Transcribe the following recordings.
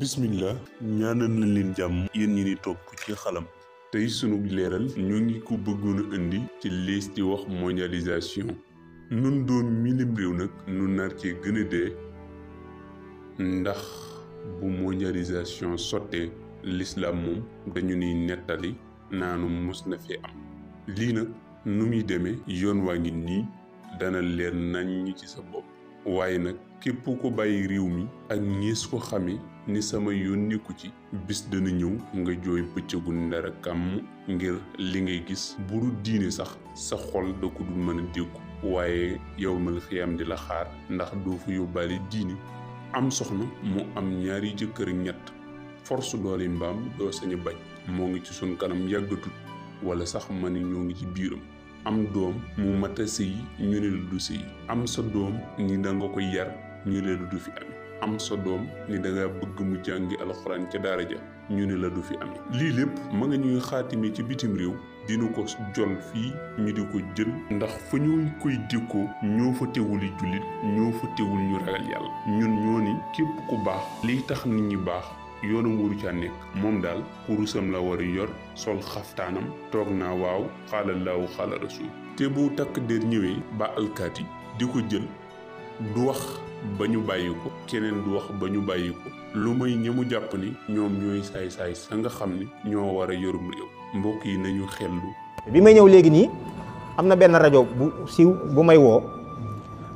bismillah ñaanal na leen jàmm yéen ñi ni topp ci xalam tey sunu leeral ñoo ngi ko bëggoon indi ci liis di wax mondialisation nun doon milim réew nag nu nar cee gën dee ndax bu mondialisation sottee lislaam moom dañu niy nettali naanu mos na fi am lii nag nu muy demee yoon waa ngi nii dana leer nañ ci sa bopp waaye nag képp ko bàyyi réew mi ak ñees ko xamee ni sama yónniku ci bis dana ñëw nga jooy bëccëgu ndara kàmm ngir li ngay gis bu dul diine sax sa xol da ko dul mën a déggu waaye yow mal di la xaar ndax doo fa yóbbaale diine am soxna mu am ñaari jëkkër ak ñett force doole mbaam doo sañ a bañ moo ngi ci sunu kanam yàggatul wala sax ma ne ñoo ngi ci biiram am doom mu mat a ñu ne la du sëy am sa doom ni da nga koy yar ñu ne la du fi amee am sa doom ni da nga bëgg mu jàngi alxuraan ca daara ja ñu ne la du fi amee lii lépp ma nga ñuy xaatime ci bitim réew dina ko jol fii ñu di ko jën ndax fa ñu koy dikkoo ñoo fa teewuli jullit ñoo fa teewul ñu ragal yàlla ñun ñoo ni képp ku baax liy tax nit ñi baax yoonu waru ca nekk moom daal kurusam la war a yor sol xaftaanam toog naa waaw xaala laahu xaala rasul te bu takk der ñëwee ba alkaati di ko jël du wax ba ñu bàyyi ko keneen du wax ba ñu bàyyi ko lu may ñamu jàpp ni ñoom ñooy saay-saay sa nga xam ni ñoo war a yorum réew mbokk yi nañu xellu bi may ñëw léegi nii am na benn rajo bu siiw bu may woo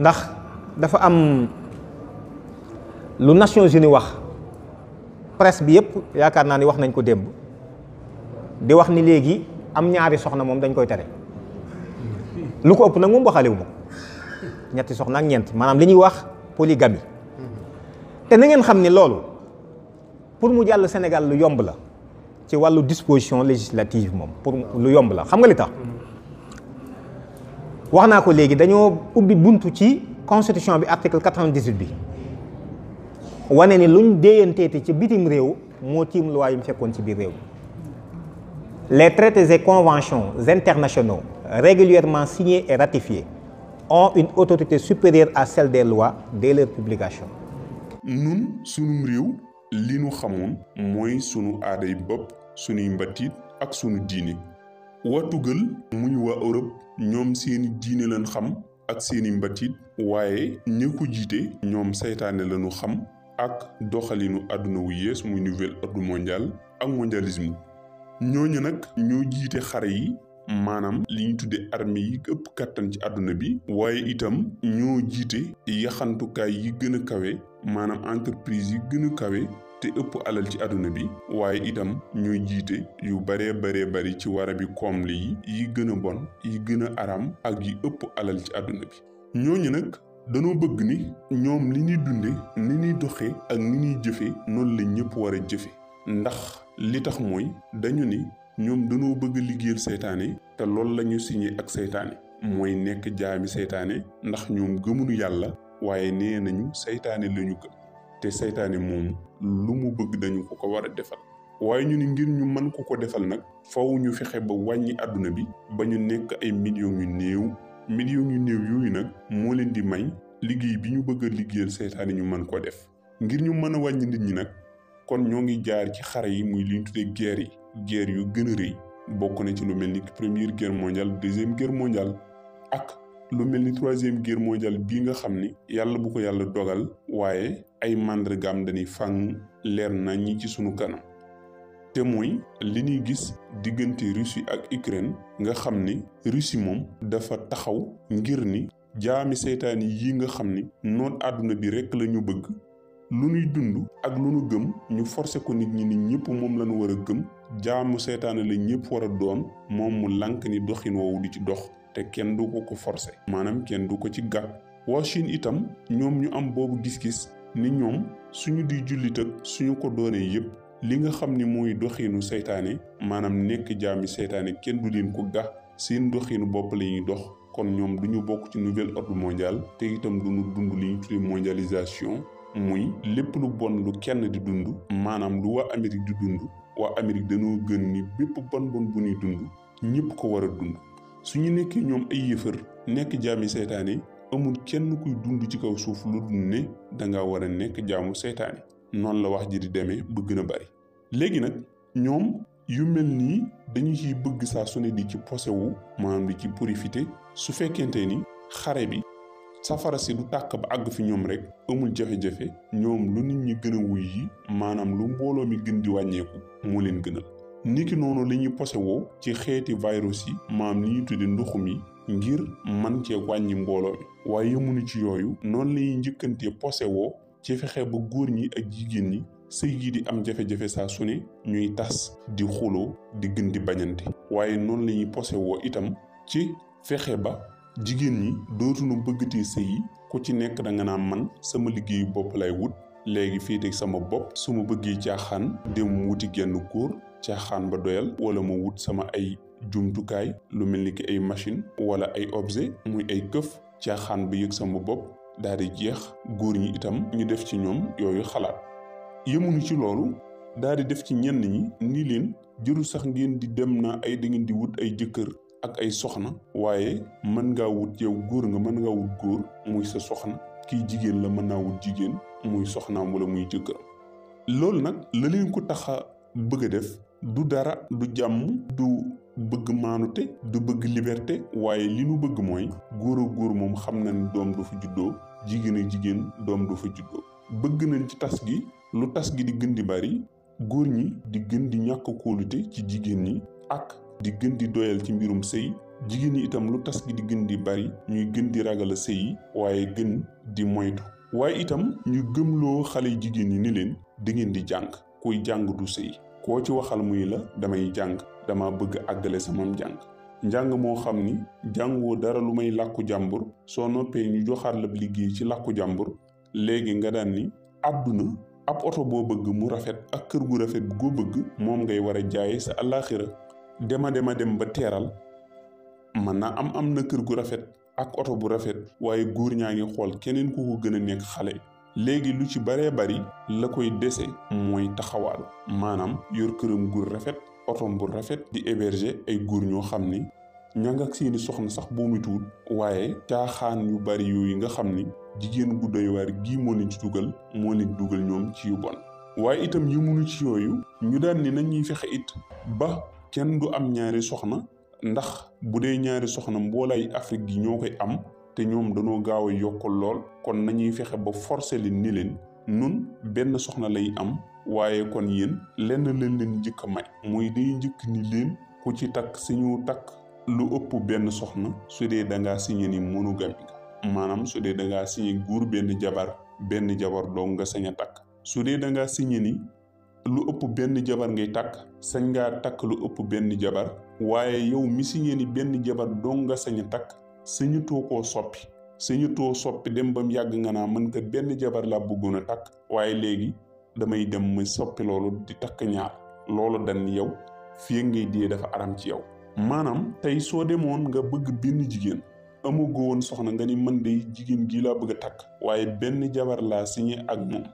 ndax dafa am lu Nations Unies wax presse bi yëpp yaakaar naa ni wax nañ ko démb di wax ni léegi am ñaari soxna moom dañ koy tere lu ko ëpp nag moom waxaale wu ma ñetti soxna ak ñeent maanaam li ñuy wax polygamie te na ngeen xam ni loolu pour mu jàll Sénégal lu yomb la ci wàllu disposition législative moom pour lu yomb la xam nga li tax wax naa ko léegi dañoo ubbi buntu ci constitution bi article 98 bi wane ni luñ déyanteeti ci bitim réew moo tiim loi yi mu fekkoon ci biir réew les traités et conventions internationaux régulièrement signés et ratifiés ont une autorité supérieure à celle des lois dès leur publication. nun sunum réew li nu xamoon mooy sunu aaday bopp sunuy mbattit ak sunu diine watugal muy wa Europe ñoom seeni diine lañ xam ak seeni mbattit waaye ña ko jiite ñoom saytaane lañu xam ak doxalinu àdduna wu yees muy nouvel ordre mondiale ak mondialisme ñooñu nag ñoo jiite xare yi maanaam li ñu tuddee armée yi ëpp kàttan ci àdduna bi waaye itam ñoo jiite yaxantukaay yi gën a kawe maanaam entreprise yi gën a kawe te ëpp alal ci àdduna bi waaye itam ñooy jiite yu baree baree bari ci wara bi koom li yi yi gën a bon yi gën a aram ak yi ëpp alal ci àdduna bi ñooñu nag danoo bëgg ni ñoom li ñuy dunde ni ñuy doxee ak ni ñuy jëfe noonu la ñëpp war a jëfe ndax li tax mooy dañu ni ñoom danoo bëgg liggéeyal seytaane te loolu la ñu signé ak seytaane mm. mooy nekk jaami seytaane ndax ñoom gëmuñu yàlla waaye nee nañu seytaane la ñu gëm te seytaane moom lu mu bëgg dañu ko ko war a defal waaye ñu ni ngir ñu mën ko ko defal nag faw ñu fexe ba wàññi àdduna bi ba ñu nekk ay millions yu néew millions yu néew yooyu nag moo leen di may liggéey bi ñu bëgg a liggéeyal seytaane ñu mën koo def ngir ñu mën a wàññi nit ñi nag kon ñoo ngi jaar ci xare yi muy li ñu tuddee guerre yi guerre yu gën a rëy bokk na ci lu mel ni première guerre mondiale deuxième guerre mondiale ak lu mel ni troisième guerre mondiale bii nga xam ni yàlla bu ko yàlla dogal waaye ay màndargaam dañuy fànn leer na ñi ci sunu kanam te mooy li ñuy gis diggante Russie ak Ukraine nga xam ni Russie moom dafa taxaw ngir ni jaami seytaan yi nga xam ni noon àdduna bi rekk la ñu bëgg lu ñuy dund ak lu ñu gëm ñu forcé ko nit ñi ni ñëpp moom lañu ñu war a gëm jaamu seytaane la ñëpp war a doon moom mu lànk ni doxin woowu di ci dox te kenn du ko ko forcé maanaam kenn du ko ci gàtt waa itam ñoom ñu am boobu gis-gis ni ñoom suñu di jullit ak suñu ko doonee yëpp li nga xam ni mooy doxiinu seytaane maanaam nekk jaami seytaane kenn du leen ko gax seen doxiinu bopp la ñuy dox kon ñoom du ñu bokk ci nouvel ordre mondial te itam du ñu dund li ñu tuddee mondialisation muy lépp lu bon lu kenn di dund maanaam lu waa Amérique di dund waa Amérique dañoo gën ni bépp bon bon bu nuy dund ñëpp ko war a dund su ñu nekkee ñoom ay yëfër nekk jaami seytaane amul kenn kuy dund ci kaw suuf lu dund ne danga war a nekk jaamu seytaan noonu la wax ji di demee bëgg gën a bari léegi nag ñoom yu mel nii dañu ciy bëgg saa su ne di ci posewu maam di ci profité su fekkente ni xare bi safara si du tàkk ba àgg fi ñoom rek amul jafe-jafe ñoom lu nit ñi gën a wuy yi maanaam lu mbooloo mi gën di wàññeeku moo leen gënal niki noonu li ñuy posewoo ci xeeti virus yi maam li ñu tudde ndoxum yi ngir man cee wàññi mbooloo mi waaye yemuñu ci yooyu noonu la ñuy njëkkantee posewoo ci fexe ba góor ñi ak jigéen ñi sëy yi di am jafe-jafe saa su ne ñuy tas di xuloo di gën bañante waaye noonu lañuy ñuy posé woo itam ci fexe ba jigéen ñi dootuñu bëggatee sëy yi ku ci nekk da nga naa man sama liggéeyu bopp lay wut léegi fii teg sama bopp su ma bëggee caaxaan dem wuti genn góor caaxaan ba doyal wala ma wut sama ay jumtukaay lu mel ni ki ay machine wala ay objet muy ay këf caaxaan ba yëg sama bopp daal di jeex góor ñi itam ñu def ci ñoom yooyu xalaat yemuñu ci loolu daal di def ci ñenn ñi ni leen jëru sax ngeen di dem na ay da di wut ay jëkkër ak ay soxna waaye mën ngaa wut yow góor nga mën ngaa wut góor muy sa soxna kii jigéen la mën naa wut jigéen muy soxnaam wala muy jëkkër loolu nag la leen ko tax a bëgg a def du dara du jàmm du bëgg maanute du bëgg liberte waaye li nu bëgg mooy góor góor moom xam na ne doom du fi juddoo jigéen jigéen doom du fa juddoo bëgg nañ ci tas gi lu tas gi di gën di bari góor ñi di gën di ñàkk kóolute ci jigéen ñi ak di gën di doyal ci mbirum sëy jigéen ñi itam lu tas gi di gën di bari ñuy gën di ragal a sëy yi waaye gën di moytu waaye itam ñu gëmloo xale jigéen ñi ni leen da ngeen di jàng kuy jàng du sëy koo ci waxal muy la damay jàng dama bëgg àggale samam jàng njàng moo xam ni jàng jàngoo dara lu may làkku jàmbur soo noppee ñu joxaat la liggéey ci làkku jàmbur léegi nga daan ni àdduna ab oto boo bëgg mu rafet ak kër gu rafet goo bëgg moom ngay war a jaaye sa àllaaxira dema dema dem ba teeral man na am am na kër gu rafet ak oto bu rafet waaye góor ñaa ngi xool keneen ku ko gën a nekk xale léegi lu ci baree bari la koy dese mooy taxawaal maanaam yor këram gu rafet otom bu rafet di héberger ay góor ñoo xam ni ñang ak seeni soxna sax boomi tuut waaye caaxaan yu bari yooyu nga xam ni jigéen gu doy waar gii moo leen ci dugal moo leen dugal ñoom ci yu bon waaye itam yëmunu ci yooyu ñu daan ni nañuy fexe it ba kenn du am ñaari soxna ndax bu dee ñaari soxna mboolaay Afrique yi ñoo koy am te ñoom dañoo gaaw a yokkal lool kon nañuy fexe ba forcer leen ni leen nun benn soxna lay am waaye kon yéen lenn leen leen njëkk may muy day njëkk ni leen ku ci takk siñu takk lu ëpp benn soxna su dee da ngaa signé ni monogami ga maanaam su dee da ngaa signé góor benn jabar benn jabar dong nga sañ a takk su dee da ngaa signé ni lu ëpp benn jabar ngay takk sañ ngaa takk lu ëpp benn jabar waaye yow mi signé ni benn jabar dong nga sañ a takk soppi suñu too soppi dem ba mu yàgg nga naa mën kat benn jabar laa bëggoon a takk waaye léegi damay dem ma soppi loolu di takk ñaar loolu dañ yow fii ngay dee dafa aram ci yow. maanaam tey soo demoon nga bëgg benn jigéen amagoo woon soxna nga ni man de jigéen gii laa bëgg a takk waaye benn jabar laa signé ak moom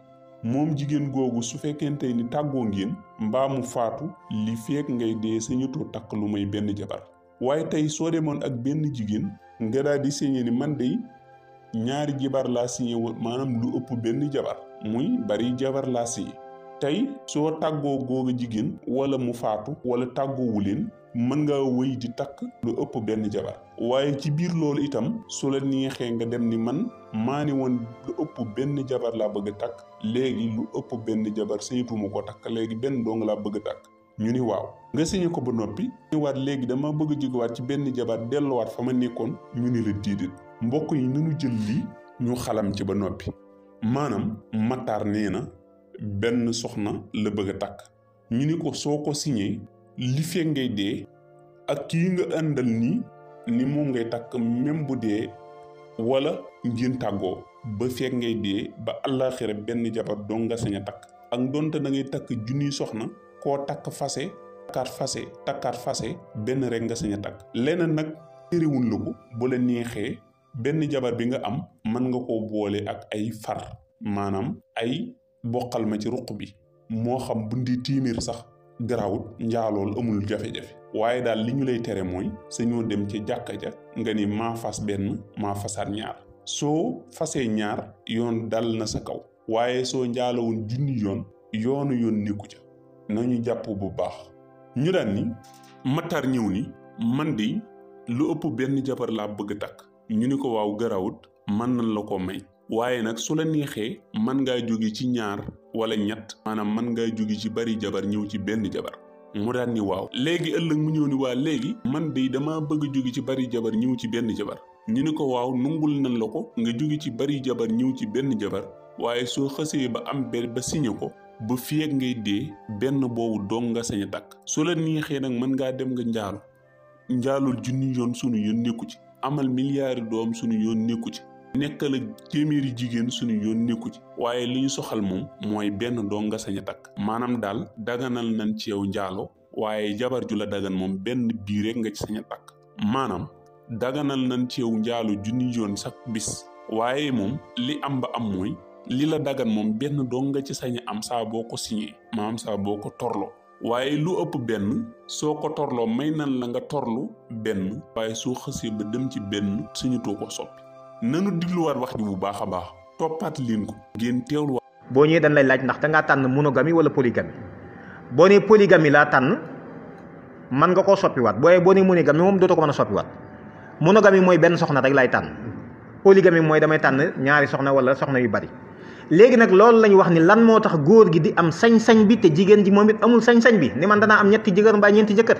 moom jigéen googu su fekkente ni tàggoo ngeen mbaamu faatu li feek ngay dee suñu takk lu may benn jabar waaye tey soo demoon ak benn jigéen nga di signé man de. ñaari jabar laa signé woon maanaam lu ëpp benn jabar muy bari jabar laa signé tey soo tàggoo googu jigéen wala mu faatu wala tàggoowu leen mën nga wëy di takk lu ëpp benn jabar waaye ci biir loolu itam su la neexee nga dem ni man maa ni woon lu ëpp benn jabar laa bëgg a takk léegi lu ëpp benn jabar saytuma ko takk léegi benn dong laa bëgg takk ñu ni waaw nga signé ko ba noppi ñu waat léegi dama bëgg a jógewaat ci benn jabar delluwaat fa ma nekkoon ñu ni la mbokk yi nañu jël lii ñu xalam ci ba noppi maanaam Matar nee na benn soxna la bëgg a takk ñu ni ko soo ko signé li fekk ngay dee ak kii nga àndal nii ni moom ngay takk même bu dee wala ngeen tàggoo ba fekk ngay dee ba àllaaxira benn jabar doo nga sañ a takk ak donte da takk junniy soxna koo takk fase takkaat fase takkaat fase benn rek nga sañ a takk leneen nag téréwun la ko bu la neexee benn jabar bi nga am mën nga ko boole ak ay far maanaam ay boqal ma ci ruq bi moo xam bundi tiimir sax garaawut njaalool amul jafe-jafe waaye daal li ñu lay tere mooy sañoo dem ci jàkka ja nga ni maa fas benn maa fasaat ñaar soo fasee ñaar yoon dal na sa kaw waaye soo njaalowoon junni yoon yoonu yoon nekku ca nañu jàpp bu baax ñu daan ni matar ñëw ni man di lu ëpp benn jabar laa bëgg a takk ñu ni ko waaw garawut man nañ la ko may waaye nag su la neexee man ngaa jóge ci ñaar wala ñett maanaam man ngaa jóge ci bari jabar ñëw ci benn jabar mu daan ni waaw léegi ëllëg mu ñëw ni waa léegi man de dama bëgg jóge ci bari jabar ñëw ci benn jabar ñu ni ko waaw nungul nañ la ko nga jóge ci bari jabar ñëw ci benn jabar waaye soo xësee ba am benn ba signé ko bu fii ak ngay dee benn boobu dong nga sañ a takk su la neexee nag mën ngaa dem nga njaalo njaalul junni yoon sunu yoon nekku ci amal milliards doom suñu yoon nekku ci nekkal ak téeméeri jigéen suñu yoon nekku ci waaye li ñu soxal moom mooy benn doo nga sañ a takk maanaam daal daganal nañ ci yow njaalo waaye jabar ju la dagan moom benn bii rek nga ci sañ a maanaam daganal nañ ci yow njaalo junni yoon sax bis waaye moom li am ba am mooy li la dagan moom benn doo nga ci sañ am saa boo ko signé am saa boo ko torloo waaye lu ëpp benn soo ko torloo may nan la nga torlu benn waaye soo xësee ba dem ci benn sañatoo ko soppi nanu digluwaat wax ji bu baax a baax toppaat leen ko ngeen teewlu boo ñëwee dañ lay laaj ndax da ngaa tànn monogami wala polygami boo nee polygami laa tànn man nga koo soppiwaat booyee boo nee monogami moom dootoo ko mën a soppiwaat monogami mooy benn soxna rek lay tànn polygami mooy damay tànn ñaari soxna wala soxna yu bari léegi nag loolu lañ wax ni lan moo tax góor gi di am sañ-sañ bi te jigéen ji moom it amul sañ-sañ bi ni man danaa am ñetti jëkkër mbaa ñeenti jëkkër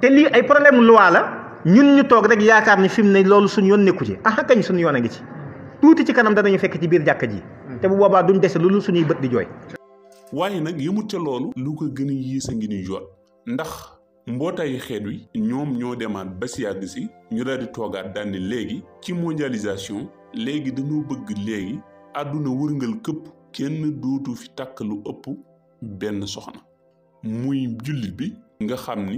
te lii ay problème loi la ñun ñu toog rek yaakaar ni fi mu ne loolu suñu yoon nekku ci ah kañ suñu yoon a ngi ci tuuti ci kanam ñu fekk ci biir jàkka ji hmm. te bu boobaa duñ dese loolu suñuy bët di jooy waaye nag yëmut ca loolu lu ko gën a yées ngi ñuy jot ndax mbootaayu xeet wi ñoom ñoo demaat ba si yàgg si ñu daal di toogaat daan léegi ci mondialisation léegi dañoo bëgg léegi àdduna wërngal këpp kenn duutu fi takk lu ëpp benn soxna muy jullit bi nga xam ni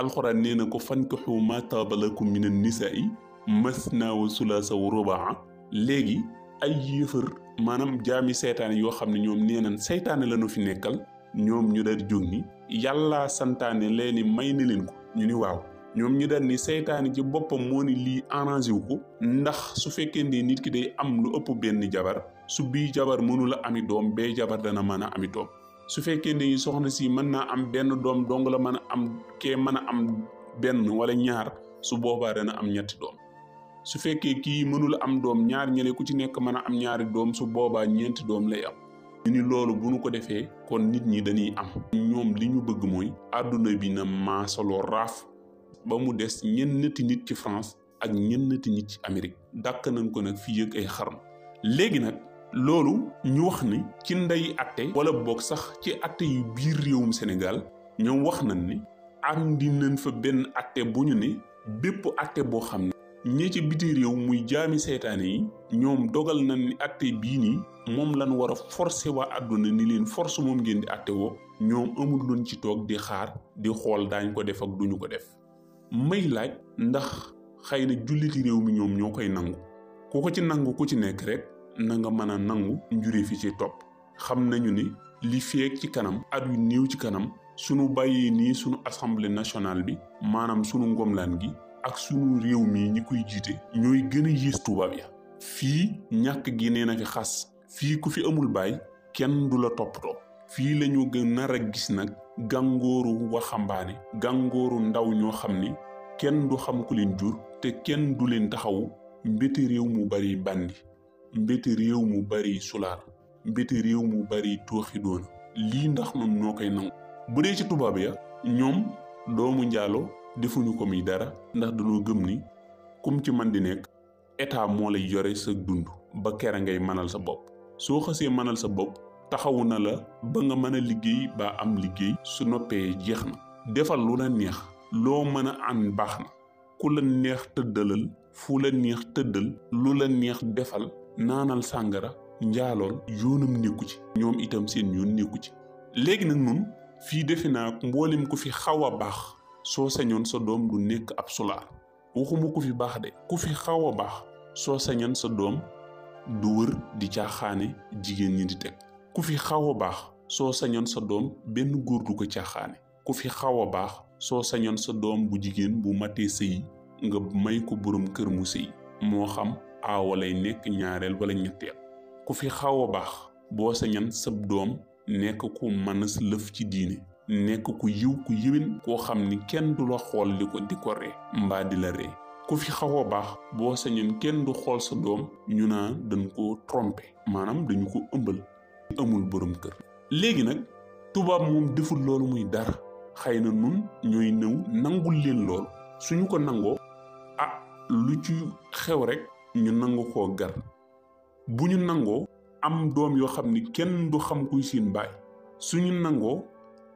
alxuraan nee na ko fankihu maa taaba lakum mina yi masnaa wa sulaasa wa rubaa léegi ay yëfër maanaam jaami seytaane yoo xam ne ñoom nee nañ seytaane lañu fi nekkal ñoom ñu daal di jóg ni yàllaa santaane leeni may na leen ko ñu ni waaw ñoom ñu daal ni seytaane ci boppam moo ni lii arrangé wu ko ndax su fekkee ni nit ki day am lu ëpp benn jabar su bii jabar mënula ami doom bee jabar dana mën a ami doom su fekkee ni soxna si mën naa am benn doom dong la mën a am kee mën a am benn wala ñaar su boobaa dana am ñetti doom su fekkee kii mënula am doom ñaar ñële ku ci nekk mën a am ñaari doom su boobaa ñeenti doom lay am ñu ni loolu bu nu ko defee kon nit ñi dañuy am ñoom li ñu bëgg mooy àdduna bi na maasaloo raaf ba mu des ñennati nit ci France ak ñennati nit ci Amérique dàq nañ ko nag fii yëg ay xarnu léegi nag loolu ñu wax ni ci ndey atte wala boog sax ci atte yu biir réewum Sénégal ñoom wax nañ ni am di nañ fa benn atte bu ñu ne bépp atte boo xam ne ñi ci biti réew muy jaami seytaane yi ñoom dogal nañ ni atte bii nii moom lañ war a forcé waa àdduna ni leen force moom ngeen di atte woo ñoom amul luñ ci toog di xaar di xool daañ ko def ak duñu ko def may laaj ndax xëy na julliti réew mi ñoom ñoo koy nangu ku ko ci nangu ku ci nekk rek na nga mën a nangu njuree fi ci topp xam nañu ni li feek ci kanam at yu néew ci kanam sunu bàyyee nii sunu assemblée nationale bi maanaam sunu ngomlaan gi ak sunu réew mii ñi koy jiite ñooy gën a yées tubaab ya fii ñàkk gi nee na fi xas fii ku fi amul baay kenn du la toppatoo fii la ñu gën nar a gis nag gàngooru waxambaane gàngooru ndaw ñoo xam ne kenn du xam ku leen jur te kenn du leen taxawu mbéti réew mu bari bandi mbéti réew mu bari sulaar mbéti réew mu bari tooxi lii ndax nun noo koy nangu bu dee ci tubaab ya ñoom doomu njaalo defuñu ko muy dara ndax dañoo gëm ni kum ci man di nekk état moo la yore sa dund ba kera ngay manal sa bopp soo xasee mënal sa bopp taxawu na la ba nga mën a liggéey ba am liggéey su noppee jeex na defal lu la neex loo mën a am baax na ku la neex tëddalal fu la neex tëddal lu la neex defal naanal sàngara njaalool yoonam nekku ci ñoom itam seen yoon nekku ci léegi nag nun fii defe naa mboolem ku fi xaw a baax soo sañoon sa doom du nekk ab sulaar waxuma ku fi baax de ku fi xaw a baax soo sañoon sa doom du di caaxaane jigéen ñi di teg ku fi xaw a baax soo sañoon sa doom benn góor du ko caaxaane ku fi xaw a baax soo sañoon sa doom bu jigéen bu matee sëyi nga may ko boroom kër mu sëyi moo xam aawa lay nekk ñaareel wala ñetteel ku fi xaw a baax boo sañoon sa doom nekk ku mën a lëf ci diine nekk ku yiw ku yiwin koo xam ni kenn du la xool li ko di ko ree mbaa di la ree ku fi xaw a baax boo sañoon kenn du xool sa doom ñu naa dañ ko trompé maanaam dañu ko ëmbal amul borom kër léegi nag tubaab moom deful loolu muy dara xëy na nun ñooy nëw nangul leen loolu suñu ko nangoo ah lu ci xew rek ñu nangu ko gar bu ñu nangoo am doom yoo xam ni kenn du xam kuy seen baay suñu nangoo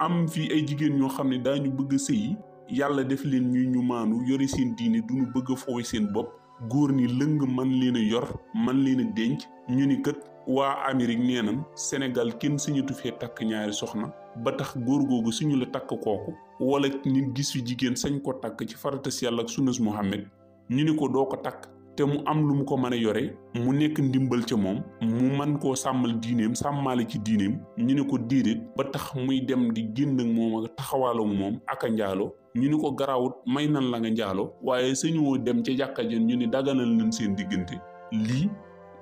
am fii ay jigéen ñoo xam ne daañu bëgg a sëyi yàlla def leen ñuy ñu maanu yore seen diine duñu bëgg a seen bopp góor ñi lëng man leen a yor man leen a denc ñu ni kët waa Amérique nee nan Sénégal kenn sañatu fee takk ñaari soxna ba tax góor googu suñu la takk kooku wala nit gis jigéen sañ ko takk ci faratas yàlla ak sunnas Muhammad ñu ni ko doo ko takk te mu am lu mu ko mën a yore mu nekk ndimbal ca moom mu man koo sàmmal diineem sàmmale ci diineem ñu ne ko déedéet ba tax muy dem di génn ak moom ak taxawaaloo moom ak a njaalo ñu ni ko garaawut may nan la nga njaalo waaye sañoo dem ca jàkka jën ñu ni daganal nañ seen diggante lii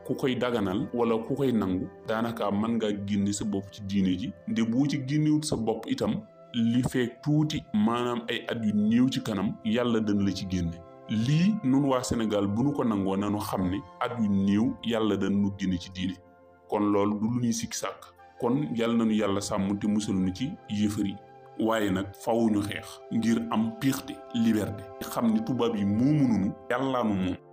ku koy daganal wala ku koy nangu daanaka mën ngaa génne sa bopp ci diine ji nde boo ci génnewut sa bopp itam li feek tuuti maanaam ay at yu néew ci kanam yàlla dana la ci génne lii nun waa Sénégal bu nu ko nangoo nanu xam ne at yu niiw yàlla dañ nu génne ci diine kon loolu du lu ñuy sikk sàkk kon yàlla nañu yàlla sàmm te musal ci yëfër waaye nag fawuñu xeex ngir am piixte liberté xam ni tubaab yi moomu nunu yàllaanu moom